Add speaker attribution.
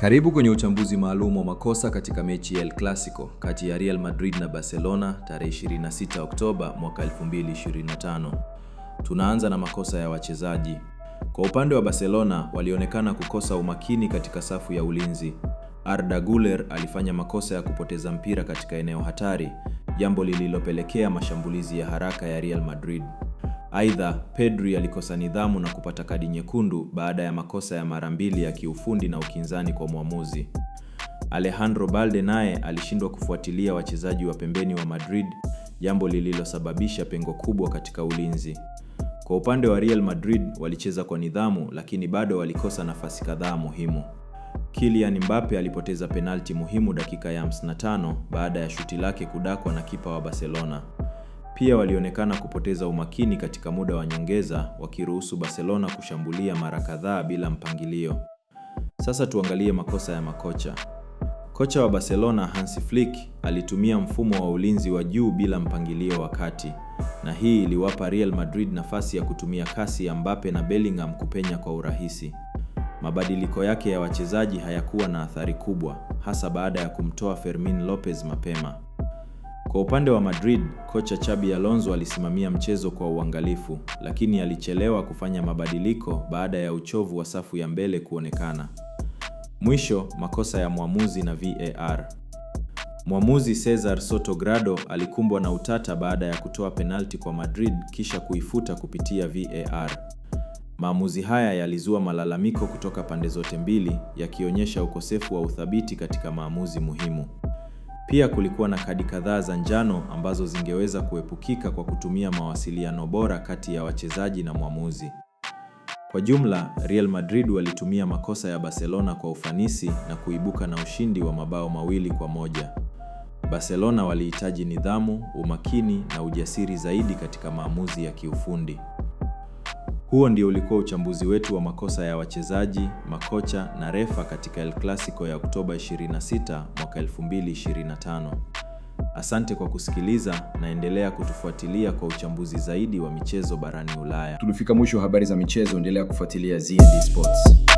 Speaker 1: Karibu kwenye uchambuzi maalum wa makosa katika mechi ya El Clasico kati ya Real Madrid na Barcelona tarehe 26 Oktoba mwaka 2025. Tunaanza na makosa ya wachezaji. Kwa upande wa Barcelona, walionekana kukosa umakini katika safu ya ulinzi. Arda Guler alifanya makosa ya kupoteza mpira katika eneo hatari, jambo lililopelekea mashambulizi ya haraka ya Real Madrid. Aidha, Pedri alikosa nidhamu na kupata kadi nyekundu baada ya makosa ya mara mbili ya kiufundi na ukinzani kwa mwamuzi. Alejandro Balde naye alishindwa kufuatilia wachezaji wa pembeni wa Madrid, jambo lililosababisha pengo kubwa katika ulinzi. Kwa upande wa Real Madrid walicheza kwa nidhamu lakini bado walikosa nafasi kadhaa muhimu. Kylian Mbappe alipoteza penalti muhimu dakika ya 55 baada ya shuti lake kudakwa na kipa wa Barcelona. Pia walionekana kupoteza umakini katika muda wa nyongeza wakiruhusu Barcelona kushambulia mara kadhaa bila mpangilio. Sasa tuangalie makosa ya makocha. Kocha wa Barcelona Hansi Flick alitumia mfumo wa ulinzi wa juu bila mpangilio wa kati, na hii iliwapa Real Madrid nafasi ya kutumia kasi ya Mbappe na Bellingham kupenya kwa urahisi. Mabadiliko yake ya wachezaji hayakuwa na athari kubwa, hasa baada ya kumtoa Fermin Lopez mapema. Kwa upande wa Madrid, kocha Xabi Alonso alisimamia mchezo kwa uangalifu, lakini alichelewa kufanya mabadiliko baada ya uchovu wa safu ya mbele kuonekana. Mwisho, makosa ya mwamuzi na VAR. Mwamuzi Cesar Sotogrado alikumbwa na utata baada ya kutoa penalti kwa Madrid kisha kuifuta kupitia VAR. Maamuzi haya yalizua malalamiko kutoka pande zote mbili, yakionyesha ukosefu wa uthabiti katika maamuzi muhimu. Pia kulikuwa na kadi kadhaa za njano ambazo zingeweza kuepukika kwa kutumia mawasiliano bora kati ya wachezaji na mwamuzi. Kwa jumla, Real Madrid walitumia makosa ya Barcelona kwa ufanisi na kuibuka na ushindi wa mabao mawili kwa moja. Barcelona walihitaji nidhamu, umakini na ujasiri zaidi katika maamuzi ya kiufundi. Huo ndio ulikuwa uchambuzi wetu wa makosa ya wachezaji, makocha na refa katika El Clasico ya Oktoba 26 mwaka 2025. Asante kwa kusikiliza na endelea kutufuatilia kwa uchambuzi zaidi wa michezo barani Ulaya.
Speaker 2: Tulifika mwisho wa habari za michezo, endelea kufuatilia ZND Sports.